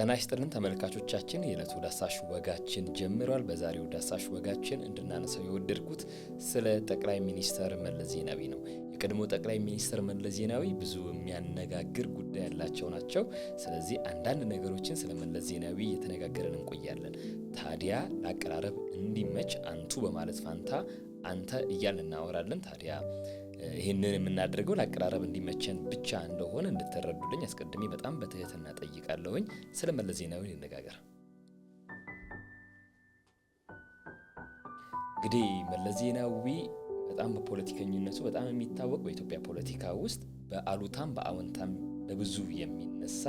ጤና ይስጥልን ተመልካቾቻችን፣ የዕለቱ ዳሳሽ ወጋችን ጀምሯል። በዛሬው ዳሳሽ ወጋችን እንድናነሳው የወደድኩት ስለ ጠቅላይ ሚኒስተር መለስ ዜናዊ ነው። የቀድሞ ጠቅላይ ሚኒስትር መለስ ዜናዊ ብዙ የሚያነጋግር ጉዳይ ያላቸው ናቸው። ስለዚህ አንዳንድ ነገሮችን ስለ መለስ ዜናዊ እየተነጋገረን እንቆያለን። ታዲያ ለአቀራረብ እንዲመች አንቱ በማለት ፋንታ አንተ እያልን እናወራለን። ታዲያ ይህንን የምናደርገው ለአቀራረብ እንዲመቸን ብቻ እንደሆነ እንድትረዱልኝ አስቀድሜ በጣም በትህትና ጠይቃለሁኝ። ስለ መለስ ዜናዊ እንነጋገር። እንግዲህ መለስ ዜናዊ በጣም በፖለቲከኝነቱ በጣም የሚታወቅ በኢትዮጵያ ፖለቲካ ውስጥ በአሉታም በአዎንታም ለብዙ የሚነሳ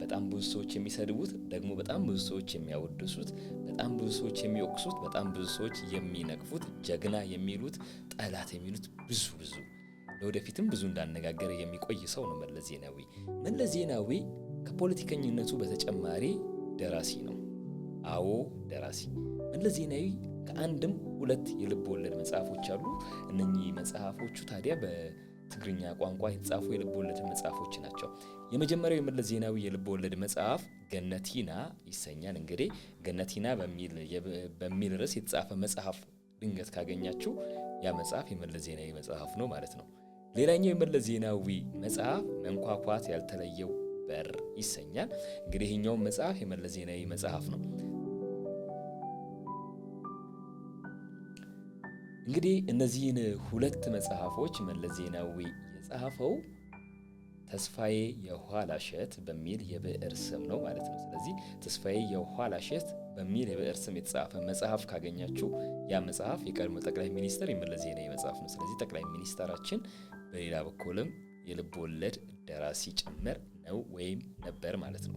በጣም ብዙ ሰዎች የሚሰድቡት ደግሞ በጣም ብዙ ሰዎች የሚያወድሱት በጣም ብዙ ሰዎች የሚወቅሱት በጣም ብዙ ሰዎች የሚነቅፉት ጀግና የሚሉት ጠላት የሚሉት ብዙ ብዙ ለወደፊትም ብዙ እንዳነጋገረ የሚቆይ ሰው ነው መለስ ዜናዊ። መለስ ዜናዊ ከፖለቲከኝነቱ በተጨማሪ ደራሲ ነው። አዎ ደራሲ መለስ ዜናዊ ከአንድም ሁለት የልብ ወለድ መጽሐፎች አሉ። እነኚህ መጽሐፎቹ ታዲያ በትግርኛ ቋንቋ የተጻፉ የልብ ወለድ መጽሐፎች ናቸው። የመጀመሪያው የመለስ ዜናዊ የልብ ወለድ መጽሐፍ ገነቲና ይሰኛል። እንግዲህ ገነቲና በሚል ርዕስ የተጻፈ መጽሐፍ ድንገት ካገኛችሁ ያ መጽሐፍ የመለስ ዜናዊ መጽሐፍ ነው ማለት ነው። ሌላኛው የመለስ ዜናዊ መጽሐፍ መንኳኳት ያልተለየው በር ይሰኛል። እንግዲህ ይህኛውም መጽሐፍ የመለስ ዜናዊ መጽሐፍ ነው። እንግዲህ እነዚህን ሁለት መጽሐፎች መለስ ዜናዊ የጻፈው ተስፋዬ የኋላ እሸት በሚል የብዕር ስም ነው ማለት ነው። ስለዚህ ተስፋዬ የኋላ እሸት በሚል የብዕር ስም የተጻፈ መጽሐፍ ካገኛችሁ ያ መጽሐፍ የቀድሞ ጠቅላይ ሚኒስትር የመለስ ዜናዊ መጽሐፍ ነው። ስለዚህ ጠቅላይ ሚኒስትራችን በሌላ በኩልም የልብ ወለድ ደራሲ ጭምር ነው ወይም ነበር ማለት ነው።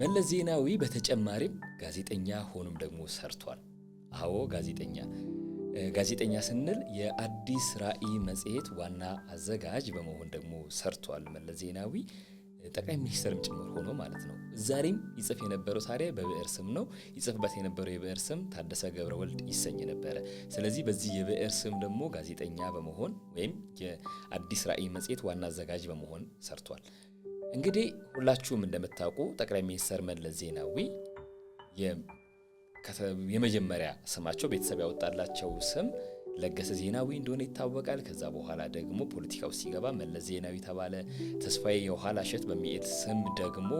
መለስ ዜናዊ በተጨማሪም ጋዜጠኛ ሆኖም ደግሞ ሰርቷል። አዎ ጋዜጠኛ ጋዜጠኛ ስንል የአዲስ ራዕይ መጽሔት ዋና አዘጋጅ በመሆን ደግሞ ሰርቷል መለስ ዜናዊ። ጠቅላይ ሚኒስትርም ጭምር ሆኖ ማለት ነው። ዛሬም ይጽፍ የነበረው ታዲያ በብዕር ስም ነው። ይጽፍበት የነበረው የብዕር ስም ታደሰ ገብረ ወልድ ይሰኝ ነበረ። ስለዚህ በዚህ የብዕር ስም ደግሞ ጋዜጠኛ በመሆን ወይም የአዲስ ራዕይ መጽሔት ዋና አዘጋጅ በመሆን ሰርቷል። እንግዲህ ሁላችሁም እንደምታውቁ ጠቅላይ ሚኒስትር መለስ ዜናዊ የመጀመሪያ ስማቸው ቤተሰብ ያወጣላቸው ስም ለገሰ ዜናዊ እንደሆነ ይታወቃል። ከዛ በኋላ ደግሞ ፖለቲካ ውስጥ ሲገባ መለስ ዜናዊ ተባለ። ተስፋዬ የኋላ ሸት በሚል ስም ደግሞ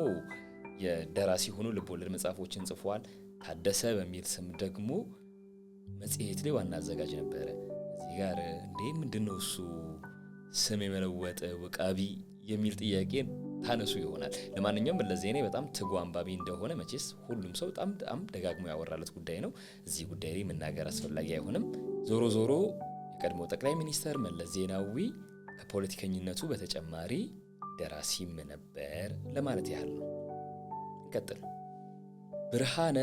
የደራሲ ሆኖ ልቦለድ መጽሐፎችን ጽፏል። ታደሰ በሚል ስም ደግሞ መጽሔት ላይ ዋና አዘጋጅ ነበረ። እዚህ ጋር እንዴ ምንድን ነው እሱ ስም የመለወጠ ውቃቢ የሚል ጥያቄ ታነሱ ይሆናል። ለማንኛውም መለስ ዜናዊ በጣም ትጉ አንባቢ እንደሆነ መቼስ ሁሉም ሰው በጣም ደጋግሞ ያወራለት ጉዳይ ነው። እዚህ ጉዳይ ላይ መናገር አስፈላጊ አይሆንም። ዞሮ ዞሮ የቀድሞ ጠቅላይ ሚኒስተር መለስ ዜናዊ ከፖለቲከኝነቱ በተጨማሪ ደራሲም ነበር ለማለት ያህል ነው። እንቀጥል። ብርሃነ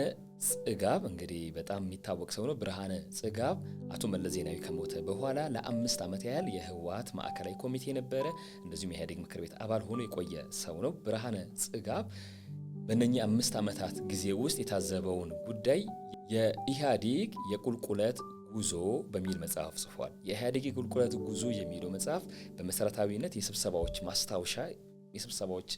ጽጋብ እንግዲህ በጣም የሚታወቅ ሰው ነው። ብርሃነ ጽጋብ አቶ መለስ ዜናዊ ከሞተ በኋላ ለአምስት ዓመት ያህል የህወሓት ማዕከላዊ ኮሚቴ ነበረ፣ እንደዚሁም የኢህአዴግ ምክር ቤት አባል ሆኖ የቆየ ሰው ነው። ብርሃነ ጽጋብ በእነኚህ አምስት ዓመታት ጊዜ ውስጥ የታዘበውን ጉዳይ የኢህአዴግ የቁልቁለት ጉዞ በሚል መጽሐፍ ጽፏል። የኢህአዴግ የቁልቁለት ጉዞ የሚለው መጽሐፍ በመሰረታዊነት የስብሰባዎች ማስታወሻ የስብሰባዎች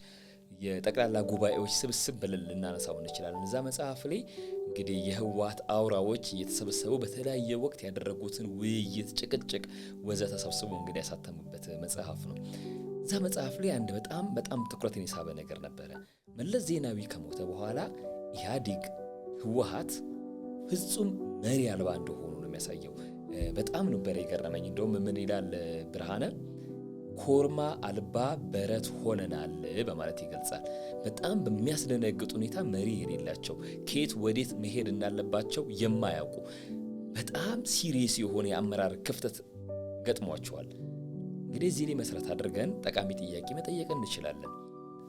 የጠቅላላ ጉባኤዎች ስብስብ ብለን ልናነሳው እንችላለን። እዛ መጽሐፍ ላይ እንግዲህ የህወሓት አውራዎች እየተሰበሰቡ በተለያየ ወቅት ያደረጉትን ውይይት፣ ጭቅጭቅ፣ ወዘ ተሰብስቦ እንግዲህ ያሳተሙበት መጽሐፍ ነው። እዛ መጽሐፍ ላይ አንድ በጣም በጣም ትኩረትን የሳበ ነገር ነበረ። መለስ ዜናዊ ከሞተ በኋላ ኢህአዴግ ህወሓት ፍጹም መሪ አልባ እንደሆኑ የሚያሳየው። በጣም ነበር የገረመኝ። እንደውም ምን ይላል ብርሃነ ኮርማ አልባ በረት ሆነናል በማለት ይገልጻል። በጣም በሚያስደነግጥ ሁኔታ መሪ የሌላቸው ከየት ወዴት መሄድ እንዳለባቸው የማያውቁ በጣም ሲሪየስ የሆነ የአመራር ክፍተት ገጥሟቸዋል። እንግዲህ እዚህ ላይ መሰረት አድርገን ጠቃሚ ጥያቄ መጠየቅ እንችላለን።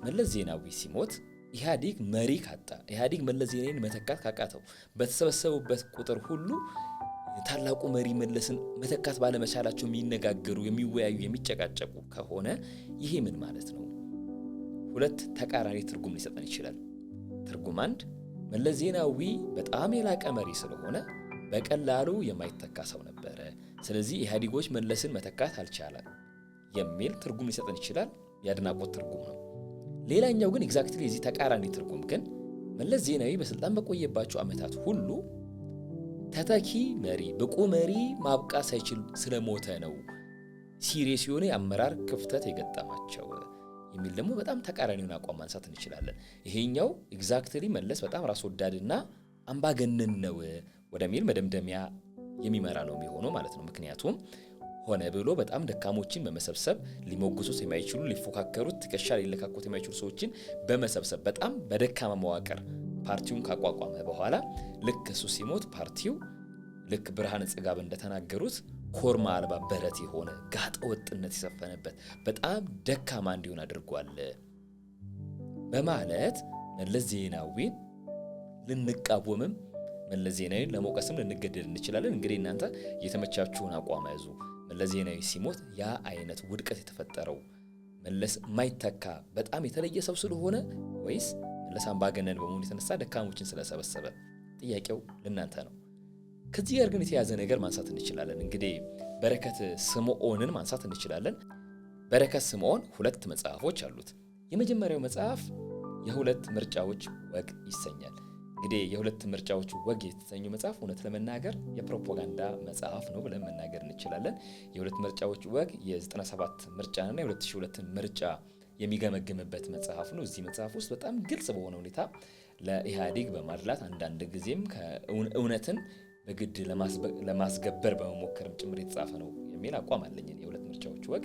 መለስ ዜናዊ ሲሞት ኢህአዲግ መሪ ካጣ፣ ኢህአዲግ መለስ ዜናዊን መተካት ካቃተው፣ በተሰበሰቡበት ቁጥር ሁሉ ታላቁ መሪ መለስን መተካት ባለመቻላቸው የሚነጋገሩ፣ የሚወያዩ፣ የሚጨቃጨቁ ከሆነ ይሄ ምን ማለት ነው? ሁለት ተቃራኒ ትርጉም ሊሰጠን ይችላል። ትርጉም አንድ መለስ ዜናዊ በጣም የላቀ መሪ ስለሆነ በቀላሉ የማይተካ ሰው ነበረ፣ ስለዚህ ኢህአዴጎች መለስን መተካት አልቻለም የሚል ትርጉም ሊሰጠን ይችላል። የአድናቆት ትርጉም ነው። ሌላኛው ግን ኤግዛክትሊ የዚህ ተቃራኒ ትርጉም ግን መለስ ዜናዊ በስልጣን በቆየባቸው ዓመታት ሁሉ ተተኪ መሪ፣ ብቁ መሪ ማብቃት ሳይችል ስለሞተ ነው ሲሪየስ የሆነ የአመራር ክፍተት የገጠማቸው የሚል ደግሞ በጣም ተቃራኒውን አቋም ማንሳት እንችላለን። ይሄኛው ኤግዛክትሊ መለስ በጣም ራስ ወዳድና አምባገነን ነው ወደሚል መደምደሚያ የሚመራ ነው የሚሆነው ማለት ነው። ምክንያቱም ሆነ ብሎ በጣም ደካሞችን በመሰብሰብ ሊሞግሱት የማይችሉ ሊፎካከሩት ትከሻ ሊለካኩት የማይችሉ ሰዎችን በመሰብሰብ በጣም በደካማ መዋቅር ፓርቲውን ካቋቋመ በኋላ ልክ እሱ ሲሞት ፓርቲው ልክ ብርሃነ ጽጋብ እንደተናገሩት ኮርማ አልባ በረት የሆነ ጋጠ ወጥነት የሰፈነበት በጣም ደካማ እንዲሆን አድርጓል በማለት መለስ ዜናዊን ልንቃወምም መለስ ዜናዊን ለመውቀስም ልንገደድ እንችላለን። እንግዲህ እናንተ የተመቻችሁን አቋም ያዙ። መለስ ዜናዊ ሲሞት ያ አይነት ውድቀት የተፈጠረው መለስ የማይተካ በጣም የተለየ ሰው ስለሆነ ወይስ ለሳምባገነን አምባገነን በመሆኑ የተነሳ ደካሞችን ስለሰበሰበ ጥያቄው ለእናንተ ነው። ከዚህ ጋር ግን የተያዘ ነገር ማንሳት እንችላለን። እንግዲህ በረከት ስምዖንን ማንሳት እንችላለን። በረከት ስምዖን ሁለት መጽሐፎች አሉት። የመጀመሪያው መጽሐፍ የሁለት ምርጫዎች ወግ ይሰኛል። እንግዲህ የሁለት ምርጫዎች ወግ የተሰኙ መጽሐፍ እውነት ለመናገር የፕሮፓጋንዳ መጽሐፍ ነው ብለን መናገር እንችላለን። የሁለት ምርጫዎች ወግ የ97 ና የ 2002 ምርጫ የሚገመግምበት መጽሐፍ ነው። እዚህ መጽሐፍ ውስጥ በጣም ግልጽ በሆነ ሁኔታ ለኢህአዴግ በማድላት አንዳንድ ጊዜም እውነትን በግድ ለማስገበር በመሞከርም ጭምር የተጻፈ ነው የሚል አቋም አለኝ። የሁለት ምርጫዎች ወግ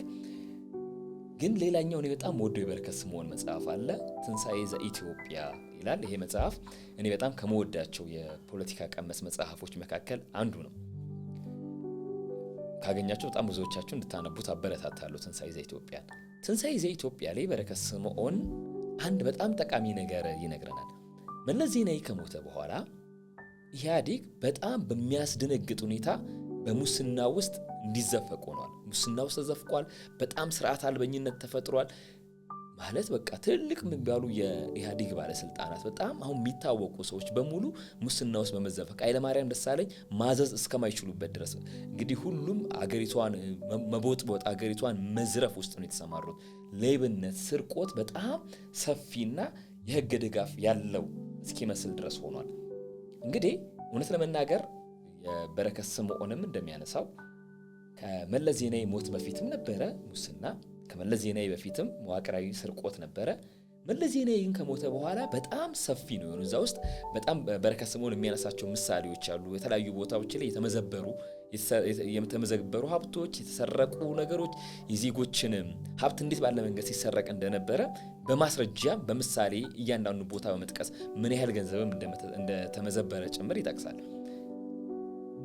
ግን ሌላኛው እኔ በጣም ወዶ የበረከት ስምኦን መጽሐፍ አለ፣ ትንሣኤ ዘኢትዮጵያ ይላል። ይሄ መጽሐፍ እኔ በጣም ከመወዳቸው የፖለቲካ ቀመስ መጽሐፎች መካከል አንዱ ነው። ካገኛቸው በጣም ብዙዎቻችሁ እንድታነቡት አበረታታለሁ ትንሣኤ ዘኢትዮጵያን። ትንሣኤ ዘኢትዮጵያ ላይ በረከት ስምዖን አንድ በጣም ጠቃሚ ነገር ይነግረናል። መለስ ዜናዊ ከሞተ በኋላ ኢህአዴግ በጣም በሚያስደነግጥ ሁኔታ በሙስና ውስጥ እንዲዘፈቅ ሆኗል። ሙስና ውስጥ ተዘፍቋል። በጣም ስርዓት አልበኝነት ተፈጥሯል። ማለት በቃ ትልቅ የሚባሉ የኢህአዴግ ባለስልጣናት በጣም አሁን የሚታወቁ ሰዎች በሙሉ ሙስና ውስጥ በመዘፈቅ ኃይለማርያም ደሳለኝ ማዘዝ እስከማይችሉበት ድረስ እንግዲህ ሁሉም አገሪቷን መቦጥቦጥ አገሪቷን መዝረፍ ውስጥ ነው የተሰማሩት። ሌብነት፣ ስርቆት በጣም ሰፊና የህግ ድጋፍ ያለው እስኪመስል ድረስ ሆኗል። እንግዲህ እውነት ለመናገር የበረከት ስምዖንም እንደሚያነሳው ከመለስ ዜናዊ ሞት በፊትም ነበረ ሙስና ከመለስ ዜናዊ በፊትም መዋቅራዊ ስርቆት ነበረ። መለስ ዜናዊ ግን ከሞተ በኋላ በጣም ሰፊ ነው የሆኑ እዛ ውስጥ በጣም በረከት ስምኦን የሚያነሳቸው ምሳሌዎች አሉ። የተለያዩ ቦታዎች ላይ የተመዘበሩ የተመዘበሩ ሀብቶች፣ የተሰረቁ ነገሮች፣ የዜጎችን ሀብት እንዴት ባለ መንገድ ሲሰረቅ እንደነበረ በማስረጃ በምሳሌ እያንዳንዱ ቦታ በመጥቀስ ምን ያህል ገንዘብም እንደተመዘበረ ጭምር ይጠቅሳል።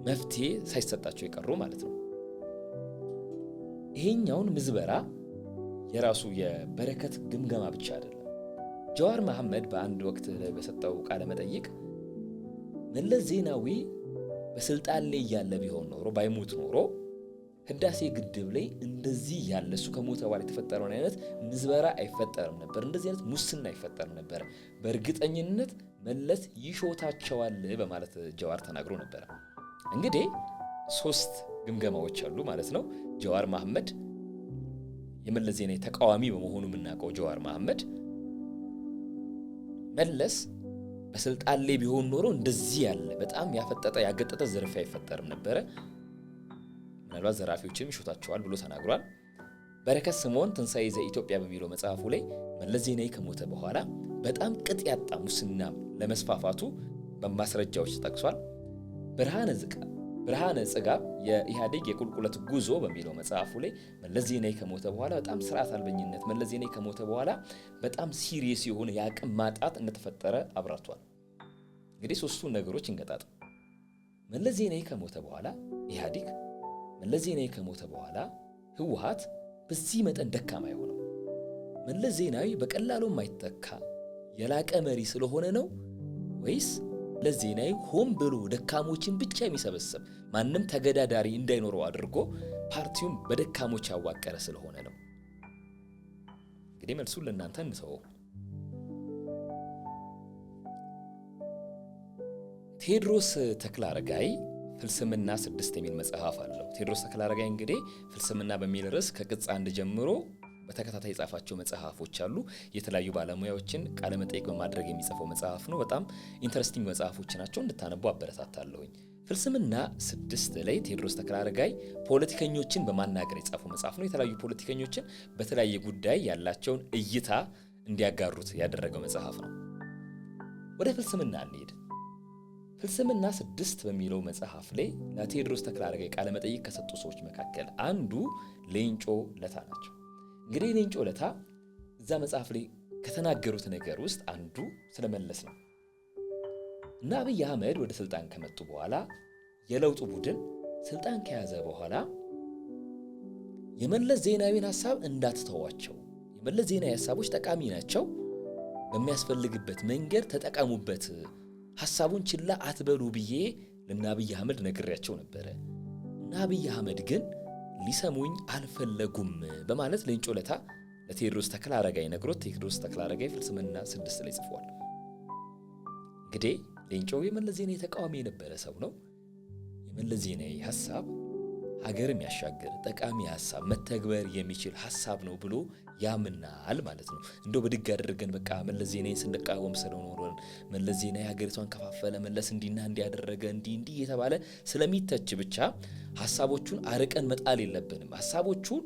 መፍትሄ ሳይሰጣቸው የቀሩ ማለት ነው። ይሄኛውን ምዝበራ የራሱ የበረከት ግምገማ ብቻ አይደለም። ጀዋር መሐመድ በአንድ ወቅት ላይ በሰጠው ቃለ መጠይቅ መለስ ዜናዊ በስልጣን ላይ እያለ ቢሆን ኖሮ ባይሞት ኖሮ ህዳሴ ግድብ ላይ እንደዚህ ያለ እሱ ከሞተ በኋላ የተፈጠረውን አይነት ምዝበራ አይፈጠርም ነበር፣ እንደዚህ አይነት ሙስና አይፈጠርም ነበር። በእርግጠኝነት መለስ ይሾታቸዋል በማለት ጀዋር ተናግሮ ነበረ። እንግዲህ ሶስት ግምገማዎች አሉ ማለት ነው ጀዋር መሐመድ የመለስ ዜናዊ ተቃዋሚ በመሆኑ የምናውቀው ጀዋር መሐመድ መለስ በስልጣን ላይ ቢሆን ኖሮ እንደዚህ ያለ በጣም ያፈጠጠ ያገጠጠ ዘርፊያ አይፈጠርም ነበረ፣ ምናልባት ዘራፊዎችም ይሾታቸዋል ብሎ ተናግሯል። በረከት ስምዖን ትንሣኤ ዘኢትዮጵያ በሚለው መጽሐፉ ላይ መለስ ዜናዊ ከሞተ በኋላ በጣም ቅጥ ያጣ ሙስና ለመስፋፋቱ በማስረጃዎች ተጠቅሷል። ብርሃነ ዝቃ ብርሃነ ጽጋብ የኢህአዴግ የቁልቁለት ጉዞ በሚለው መጽሐፉ ላይ መለስ ዜናዊ ከሞተ በኋላ በጣም ስርዓት አልበኝነት፣ መለስ ዜናዊ ከሞተ በኋላ በጣም ሲሪየስ የሆነ የአቅም ማጣት እንደተፈጠረ አብራርቷል። እንግዲህ ሶስቱን ነገሮች እንገጣጥ። መለስ ዜናዊ ከሞተ በኋላ ኢህአዴግ፣ መለስ ዜናዊ ከሞተ በኋላ ህወሀት በዚህ መጠን ደካማ የሆነው መለስ ዜናዊ በቀላሉ የማይተካ የላቀ መሪ ስለሆነ ነው ወይስ ለዚህ ሆን ብሎ ደካሞችን ብቻ የሚሰበሰብ ማንም ተገዳዳሪ እንዳይኖረው አድርጎ ፓርቲውን በደካሞች ያዋቀረ ስለሆነ ነው። እንግዲህ መልሱን ለእናንተ እንሰው። ቴዎድሮስ ተክለአረጋይ ፍልስምና ስድስት የሚል መጽሐፍ አለው። ቴዎድሮስ አረጋይ እንግዲህ ፍልስምና በሚል ርዕስ ከቅጽ አንድ ጀምሮ በተከታታይ የጻፋቸው መጽሐፎች አሉ። የተለያዩ ባለሙያዎችን ቃለመጠይቅ በማድረግ የሚጽፈው መጽሐፍ ነው። በጣም ኢንተረስቲንግ መጽሐፎች ናቸው። እንድታነቡ አበረታታለሁኝ። ፍልስምና ስድስት ላይ ቴዎድሮስ አረጋይ ፖለቲከኞችን በማናገር የጻፈው መጽሐፍ ነው። የተለያዩ ፖለቲከኞችን በተለያየ ጉዳይ ያላቸውን እይታ እንዲያጋሩት ያደረገው መጽሐፍ ነው። ወደ ፍልስምና እንሄድ። ፍልስምና ስድስት በሚለው መጽሐፍ ላይ ለቴዎድሮስ ተከላርጋይ ቃለመጠይቅ ከሰጡ ሰዎች መካከል አንዱ ሌንጮ ለታ ናቸው። እንግዲህ የኔንጭ ውለታ እዛ መጽሐፍ ላይ ከተናገሩት ነገር ውስጥ አንዱ ስለመለስ ነው እና አብይ አህመድ ወደ ስልጣን ከመጡ በኋላ የለውጡ ቡድን ስልጣን ከያዘ በኋላ የመለስ ዜናዊን ሀሳብ እንዳትተዋቸው፣ የመለስ ዜናዊ ሀሳቦች ጠቃሚ ናቸው፣ በሚያስፈልግበት መንገድ ተጠቀሙበት፣ ሀሳቡን ችላ አትበሉ ብዬ ለናብይ አህመድ ነግሬያቸው ነበረ እና አብይ አህመድ ግን ሊሰሙኝ አልፈለጉም በማለት ልንጮ ለታ ለቴዎድሮስ ተክለ አረጋይ ነግሮት ቴዎድሮስ ተክለ አረጋይ ፍልስምና ስድስት ላይ ጽፏል። እንግዲህ ሌንጮ የመለስ ዜናዊ ተቃዋሚ የነበረ ሰው ነው። የመለስ ዜናዊ ሀሳብ ሀገርም ያሻገር ጠቃሚ ሀሳብ መተግበር የሚችል ሀሳብ ነው ብሎ ያምናል ማለት ነው። እንደው በድግ አድርገን በቃ መለስ ዜናዊን ስንቃወም ስለኖረን መለስ ዜናዊ ሀገሪቷን ከፋፈለ፣ መለስ እንዲና እንዲያደረገ እንዲ እንዲ የተባለ ስለሚተች ብቻ ሀሳቦቹን አርቀን መጣል የለብንም። ሀሳቦቹን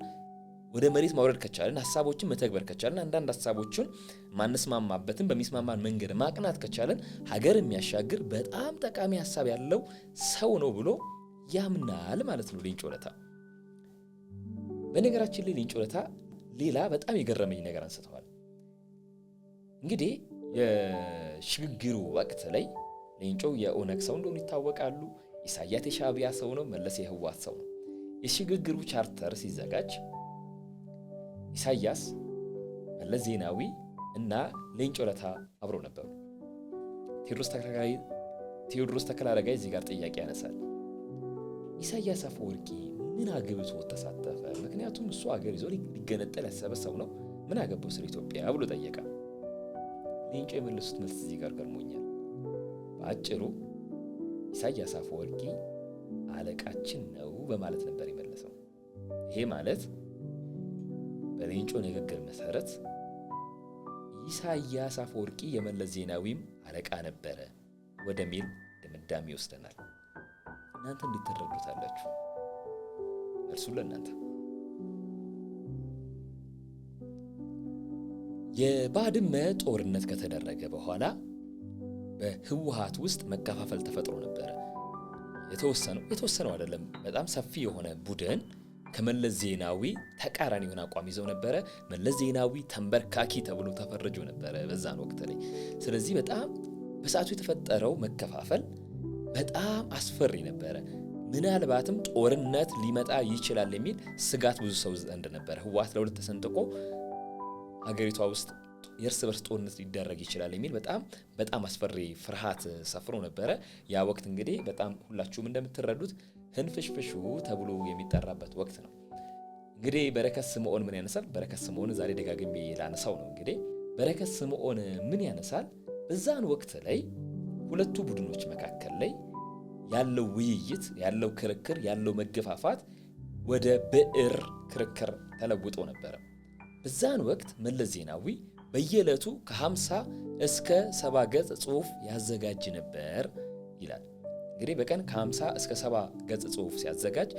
ወደ መሬት ማውረድ ከቻለን፣ ሀሳቦችን መተግበር ከቻለን፣ አንዳንድ ሀሳቦችን ማንስማማበትን በሚስማማን መንገድ ማቅናት ከቻለን ሀገር የሚያሻግር በጣም ጠቃሚ ሀሳብ ያለው ሰው ነው ብሎ ያምናል ማለት ነው ሌንጮ ለታ። በነገራችን ላይ ሌንጮ ለታ ሌላ በጣም የገረመኝ ነገር አንስተዋል። እንግዲህ የሽግግሩ ወቅት ላይ ሌንጮው የኦነግ ሰው እንደሆኑ ይታወቃሉ። ኢሳያስ የሻቢያ ሰው ነው፣ መለስ የህዋት ሰው ነው። የሽግግሩ ቻርተር ሲዘጋጅ ኢሳያስ፣ መለስ ዜናዊ እና ሌንጮ ለታ አብረው ነበሩ። ቴዎድሮስ ተከላጋይ እዚህ ጋር ጥያቄ ያነሳል። ኢሳያስ አፈወርቂ ምን አግብቶ ተሳተፈ? ምክንያቱም እሱ አገር ይዞ ሊገነጠል ያሰበ ሰው ነው። ምን አገባው ስለ ኢትዮጵያ ብሎ ጠየቀ። ሌንጮ የመለሱት መልስ እዚህ ጋር ገርሞኛል። በአጭሩ ኢሳያስ አፈወርቂ አለቃችን ነው በማለት ነበር የመለሰው። ይሄ ማለት በሌንጮ ንግግር መሰረት ኢሳያስ አፈወርቂ የመለስ ዜናዊም አለቃ ነበረ ወደሚል ድምዳሜ ይወስደናል። እናንተ እንዴት ትረዱታላችሁ? መልሱን ለእናንተ። የባድመ ጦርነት ከተደረገ በኋላ በህወሀት ውስጥ መከፋፈል ተፈጥሮ ነበረ። የተወሰነው የተወሰነው አይደለም፣ በጣም ሰፊ የሆነ ቡድን ከመለስ ዜናዊ ተቃራኒ የሆነ አቋም ይዘው ነበረ። መለስ ዜናዊ ተንበርካኪ ተብሎ ተፈርጆ ነበረ በዛን ወቅት ላይ። ስለዚህ በጣም በሰዓቱ የተፈጠረው መከፋፈል በጣም አስፈሪ ነበረ። ምናልባትም ጦርነት ሊመጣ ይችላል የሚል ስጋት ብዙ ሰው ዘንድ ነበረ። ህወሓት ለሁለት ተሰንጥቆ ሀገሪቷ ውስጥ የእርስ በርስ ጦርነት ሊደረግ ይችላል የሚል በጣም በጣም አስፈሪ ፍርሃት ሰፍሮ ነበረ። ያ ወቅት እንግዲህ በጣም ሁላችሁም እንደምትረዱት ህንፍሽፍሹ ተብሎ የሚጠራበት ወቅት ነው። እንግዲህ በረከት ስምዖን ምን ያነሳል? በረከት ስምዖን ዛሬ ደጋግሜ ላነሳው ነው። እንግዲህ በረከት ስምዖን ምን ያነሳል? በዛን ወቅት ላይ ሁለቱ ቡድኖች መካከል ላይ ያለው ውይይት፣ ያለው ክርክር፣ ያለው መገፋፋት ወደ ብዕር ክርክር ተለውጦ ነበረ። በዛን ወቅት መለስ ዜናዊ በየዕለቱ ከ50 እስከ 70 ገጽ ጽሑፍ ያዘጋጅ ነበር ይላል። እንግዲህ በቀን ከ50 እስከ 70 ገጽ ጽሑፍ ሲያዘጋጅ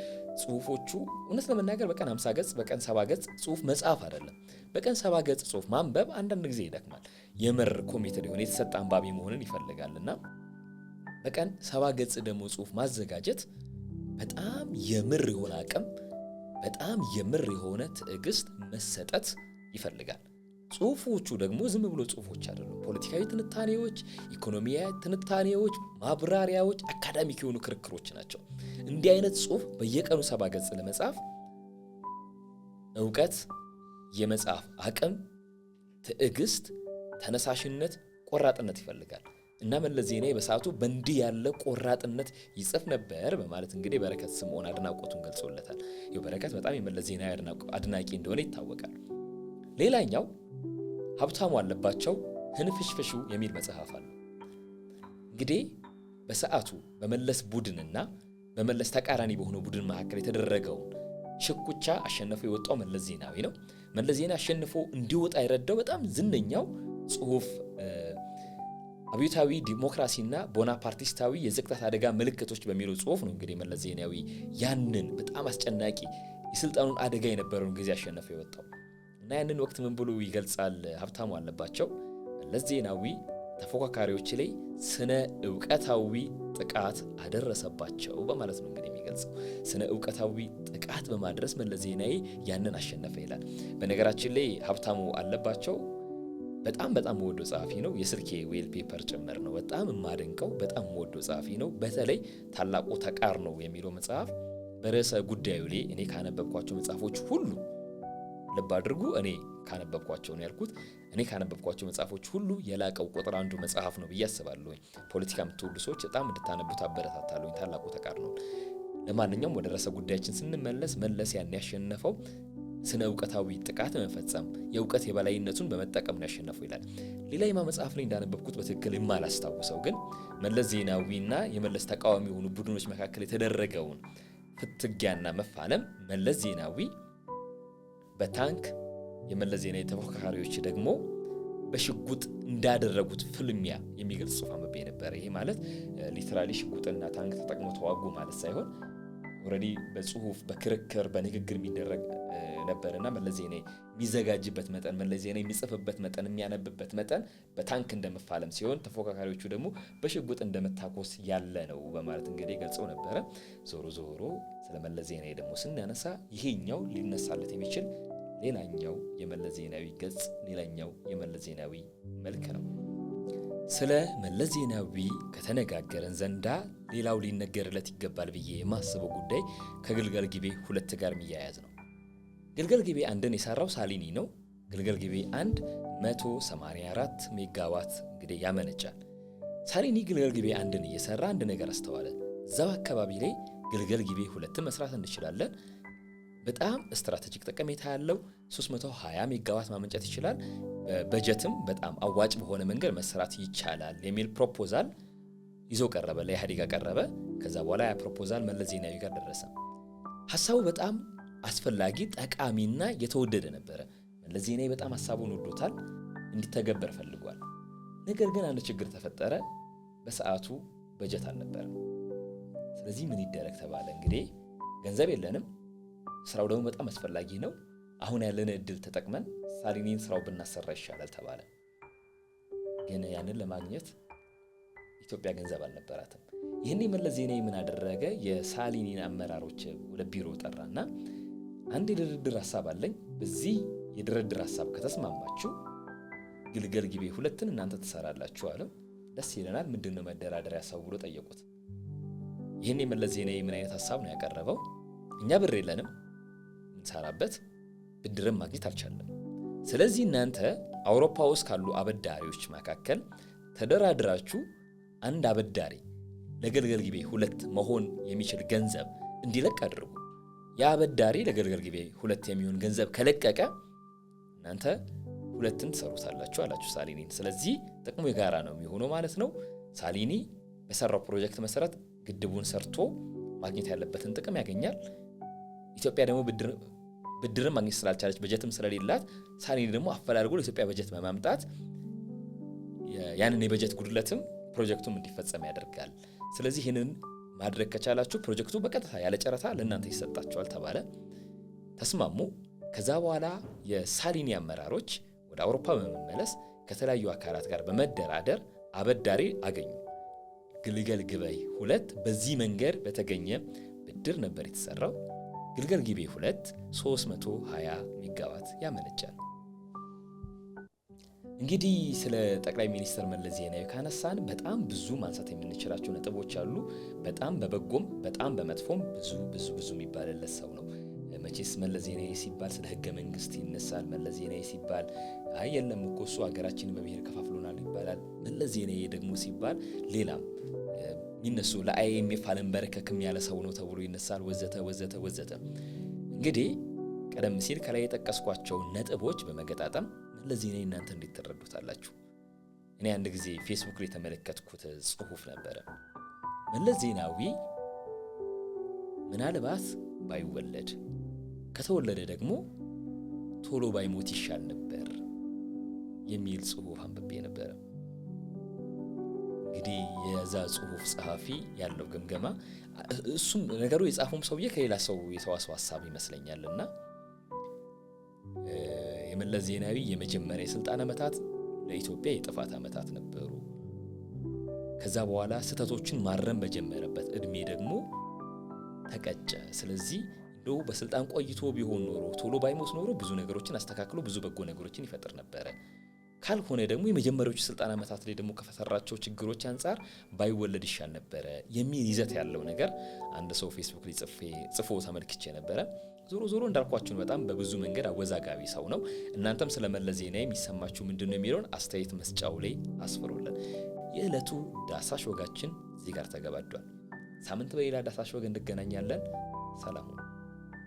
ጽሑፎቹ እውነት ለመናገር በቀን 50 ገጽ፣ በቀን 70 ገጽ ጽሑፍ መጻፍ አይደለም። በቀን 70 ገጽ ጽሑፍ ማንበብ አንዳንድ ጊዜ ይደክማል። የመር ኮሚትድ የሆነ የተሰጠ አንባቢ መሆንን ይፈልጋል እና በቀን ሰባ ገጽ ደግሞ ጽሁፍ ማዘጋጀት በጣም የምር የሆነ አቅም፣ በጣም የምር የሆነ ትዕግስት መሰጠት ይፈልጋል። ጽሁፎቹ ደግሞ ዝም ብሎ ጽሁፎች አይደሉም። ፖለቲካዊ ትንታኔዎች፣ ኢኮኖሚያዊ ትንታኔዎች፣ ማብራሪያዎች፣ አካዳሚክ የሆኑ ክርክሮች ናቸው። እንዲህ አይነት ጽሁፍ በየቀኑ ሰባ ገጽ ለመጻፍ እውቀት፣ የመጻፍ አቅም፣ ትዕግስት ተነሳሽነት፣ ቆራጥነት ይፈልጋል እና መለስ ዜናዊ በሰዓቱ በእንዲህ ያለ ቆራጥነት ይጽፍ ነበር በማለት እንግዲህ በረከት ስምዖን አድናቆቱን ገልጾለታል። ይህ በረከት በጣም የመለስ ዜናዊ አድናቂ እንደሆነ ይታወቃል። ሌላኛው ሀብታሙ አለባቸው ህንፍሽፍሹ የሚል መጽሐፍ አለ። እንግዲህ በሰዓቱ በመለስ ቡድንና በመለስ ተቃራኒ በሆነ ቡድን መካከል የተደረገውን ሽኩቻ አሸንፎ የወጣው መለስ ዜናዊ ነው። መለስ ዜናዊ አሸንፎ እንዲወጣ የረዳው በጣም ዝነኛው ጽሁፍ አብዮታዊ ዲሞክራሲና ቦናፓርቲስታዊ የዘቅጣት አደጋ ምልክቶች በሚሉ ጽሁፍ ነው። እንግዲህ መለስ ዜናዊ ያንን በጣም አስጨናቂ የስልጣኑን አደጋ የነበረውን ጊዜ አሸነፈ የወጣው እና ያንን ወቅት ምን ብሎ ይገልጻል? ሀብታሙ አለባቸው መለስ ዜናዊ ተፎካካሪዎች ላይ ስነ እውቀታዊ ጥቃት አደረሰባቸው በማለት ነው እንግዲህ የሚገልጸው። ስነ እውቀታዊ ጥቃት በማድረስ መለስ ዜናዊ ያንን አሸነፈ ይላል። በነገራችን ላይ ሀብታሙ አለባቸው በጣም በጣም ወዶ ጸሐፊ ነው። የስልኬ ዌል ፔፐር ጭምር ነው። በጣም የማደንቀው በጣም ወዶ ጸሐፊ ነው። በተለይ ታላቁ ተቃር ነው የሚለው መጽሐፍ በርዕሰ ጉዳዩ ላይ እኔ ካነበብኳቸው መጽሐፎች ሁሉ ልብ አድርጉ፣ እኔ ካነበብኳቸው ነው ያልኩት። እኔ ካነበብኳቸው መጽሐፎች ሁሉ የላቀው ቁጥር አንዱ መጽሐፍ ነው ብዬ አስባለሁኝ። ፖለቲካ የምትወዱ ሰዎች በጣም እንድታነቡት አበረታታለሁኝ። ታላቁ ነው ለማንኛውም ወደ ርዕሰ ጉዳያችን ስንመለስ መለስ ያን ያሸነፈው ስነ እውቀታዊ ጥቃት መፈጸም የእውቀት የበላይነቱን በመጠቀም ነው ያሸነፈው ይላል። ሌላ የማ መጽሐፍ ላይ እንዳነበብኩት በትክክል የማላስታውሰው ግን መለስ ዜናዊና የመለስ ተቃዋሚ የሆኑ ቡድኖች መካከል የተደረገውን ፍትጊያና መፋለም መለስ ዜናዊ በታንክ የመለስ ዜናዊ ተፎካካሪዎች ደግሞ በሽጉጥ እንዳደረጉት ፍልሚያ የሚገልጽ ጽሑፍ አንብቤ ነበረ። ይሄ ማለት ሊትራሊ ሽጉጥና ታንክ ተጠቅሞ ተዋጉ ማለት ሳይሆን ኦልሬዲ በጽሁፍ በክርክር በንግግር የሚደረግ ነበርና መለስ ዜና የሚዘጋጅበት መጠን፣ መለስ ዜና የሚጽፍበት መጠን፣ የሚያነብበት መጠን በታንክ እንደመፋለም ሲሆን ተፎካካሪዎቹ ደግሞ በሽጉጥ እንደመታኮስ ያለ ነው በማለት እንግዲህ ገልጸው ነበረ። ዞሮ ዞሮ ስለ መለስ ዜናዊ ደግሞ ስናነሳ ይሄኛው ሊነሳለት የሚችል ሌላኛው የመለስ ዜናዊ ገጽ፣ ሌላኛው የመለስ ዜናዊ መልክ ነው። ስለ መለስ ዜናዊ ከተነጋገረን ዘንዳ ሌላው ሊነገርለት ይገባል ብዬ የማስበው ጉዳይ ከግልገል ጊቤ ሁለት ጋር የሚያያዝ ነው። ግልገል ጊቤ አንድን የሰራው ሳሊኒ ነው። ግልገል ጊቤ አንድ 184 ሜጋዋት እንግዲህ ያመነጫል። ሳሊኒ ግልገል ጊቤ አንድን እየሰራ አንድ ነገር አስተዋለ። እዛው አካባቢ ላይ ግልገል ጊቤ ሁለትን መስራት እንችላለን። በጣም ስትራቴጂክ ጠቀሜታ ያለው 320 ሜጋዋት ማመንጨት ይችላል። በጀትም በጣም አዋጭ በሆነ መንገድ መስራት ይቻላል የሚል ፕሮፖዛል ይዞ ቀረበ፣ ለኢህአዴግ ቀረበ። ከዛ በኋላ ያ ፕሮፖዛል መለስ ዜናዊ ጋር ደረሰ። ሀሳቡ በጣም አስፈላጊ ጠቃሚና የተወደደ ነበረ። መለስ ዜናዊ በጣም ሀሳቡን ወዶታል፣ እንዲተገበር ፈልጓል። ነገር ግን አንድ ችግር ተፈጠረ። በሰዓቱ በጀት አልነበረም። ስለዚህ ምን ይደረግ ተባለ። እንግዲህ ገንዘብ የለንም፣ ስራው ደግሞ በጣም አስፈላጊ ነው። አሁን ያለን እድል ተጠቅመን ሳሊኒን ስራው ብናሰራ ይሻላል ተባለ። ግን ያንን ለማግኘት ኢትዮጵያ ገንዘብ አልነበራትም። ይህን መለስ ዜናዊ ምን አደረገ? የሳሊኒን አመራሮች ወደ ቢሮ ጠራና አንድ የድርድር ሀሳብ አለኝ። በዚህ የድርድር ሀሳብ ከተስማማችሁ ግልገል ጊቤ ሁለትን እናንተ ትሰራላችሁ አለም። ደስ ይለናል። ምንድነው መደራደሪያ ሰው ብሎ ጠየቁት። ይህን የመለስ ዜናዊ ምን አይነት ሀሳብ ነው ያቀረበው? እኛ ብር የለንም የምንሰራበት፣ ብድርም ማግኘት አልቻለም። ስለዚህ እናንተ አውሮፓ ውስጥ ካሉ አበዳሪዎች መካከል ተደራድራችሁ አንድ አበዳሪ ለግልገል ጊቤ ሁለት መሆን የሚችል ገንዘብ እንዲለቅ አድርጉ። የአበዳሪ ለገልገል ጊቤ ሁለት የሚሆን ገንዘብ ከለቀቀ እናንተ ሁለትን ትሰሩታላችሁ አላችሁ ሳሊኒን። ስለዚህ ጥቅሙ የጋራ ነው የሚሆነው ማለት ነው። ሳሊኒ በሰራው ፕሮጀክት መሰረት ግድቡን ሰርቶ ማግኘት ያለበትን ጥቅም ያገኛል። ኢትዮጵያ ደግሞ ብድርን ማግኘት ስላልቻለች በጀትም ስለሌላት ሳሊኒ ደግሞ አፈላልጎ ለኢትዮጵያ በጀት በማምጣት ያንን የበጀት ጉድለትም ፕሮጀክቱም እንዲፈጸም ያደርጋል። ስለዚህ ይህንን ማድረግ ከቻላችሁ ፕሮጀክቱ በቀጥታ ያለ ጨረታ ለእናንተ ይሰጣችኋል ተባለ። ተስማሙ። ከዛ በኋላ የሳሊኒ አመራሮች ወደ አውሮፓ በመመለስ ከተለያዩ አካላት ጋር በመደራደር አበዳሪ አገኙ። ግልገል ግበይ ሁለት በዚህ መንገድ በተገኘ ብድር ነበር የተሰራው። ግልገል ግቤ ሁለት 320 ሜጋዋት ያመነጫል። እንግዲህ ስለ ጠቅላይ ሚኒስትር መለስ ዜናዊ ካነሳን በጣም ብዙ ማንሳት የምንችላቸው ነጥቦች አሉ። በጣም በበጎም በጣም በመጥፎም ብዙ ብዙ ብዙ የሚባልለት ሰው ነው። መቼስ መለስ ዜናዊ ሲባል ስለ ህገ መንግስት ይነሳል። መለስ ዜናዊ ሲባል አይ የለም እኮ እሱ ሀገራችን በብሔር ከፋፍሎናል ይባላል። መለስ ዜናዊ ደግሞ ሲባል ሌላም ይነሱ ለአይኤምኤፍ አልንበረከክም ያለ ሰው ነው ተብሎ ይነሳል። ወዘተ ወዘተ ወዘተ። እንግዲህ ቀደም ሲል ከላይ የጠቀስኳቸው ነጥቦች በመገጣጠም ለዚህ እኔ እናንተ እንዴት ተረዱታላችሁ? እኔ አንድ ጊዜ ፌስቡክ ላይ የተመለከትኩት ጽሁፍ ነበረ። መለስ ዜናዊ ምናልባት ባይወለድ ከተወለደ ደግሞ ቶሎ ባይሞት ይሻል ነበር የሚል ጽሁፍ አንብቤ ነበረ። እንግዲህ የዛ ጽሁፍ ጸሐፊ ያለው ግምገማ እሱም ነገሩ የጻፈውም ሰውዬ ከሌላ ሰው የተዋሰው ሀሳብ እና የመለስ ዜናዊ የመጀመሪያ የስልጣን ዓመታት ለኢትዮጵያ የጥፋት ዓመታት ነበሩ። ከዛ በኋላ ስህተቶችን ማረም በጀመረበት እድሜ ደግሞ ተቀጨ። ስለዚህ እንደው በስልጣን ቆይቶ ቢሆን ኖሮ ቶሎ ባይሞት ኖሮ ብዙ ነገሮችን አስተካክሎ ብዙ በጎ ነገሮችን ይፈጥር ነበረ። ካልሆነ ደግሞ የመጀመሪያዎቹ ስልጣን ዓመታት ላይ ደግሞ ከፈሰራቸው ችግሮች አንጻር ባይወለድ ይሻል ነበረ የሚል ይዘት ያለው ነገር አንድ ሰው ፌስቡክ ላይ ጽፎ ተመልክቼ ነበረ። ዞሮ ዞሮ እንዳልኳችሁን በጣም በብዙ መንገድ አወዛጋቢ ሰው ነው። እናንተም ስለ መለስ ዜና የሚሰማችሁ ምንድን ነው የሚለውን አስተያየት መስጫው ላይ አስፍሩልን። የዕለቱ ዳሳሽ ወጋችን እዚህ ጋር ተገባዷል። ሳምንት በሌላ ዳሳሽ ወግ እንገናኛለን። ሰላም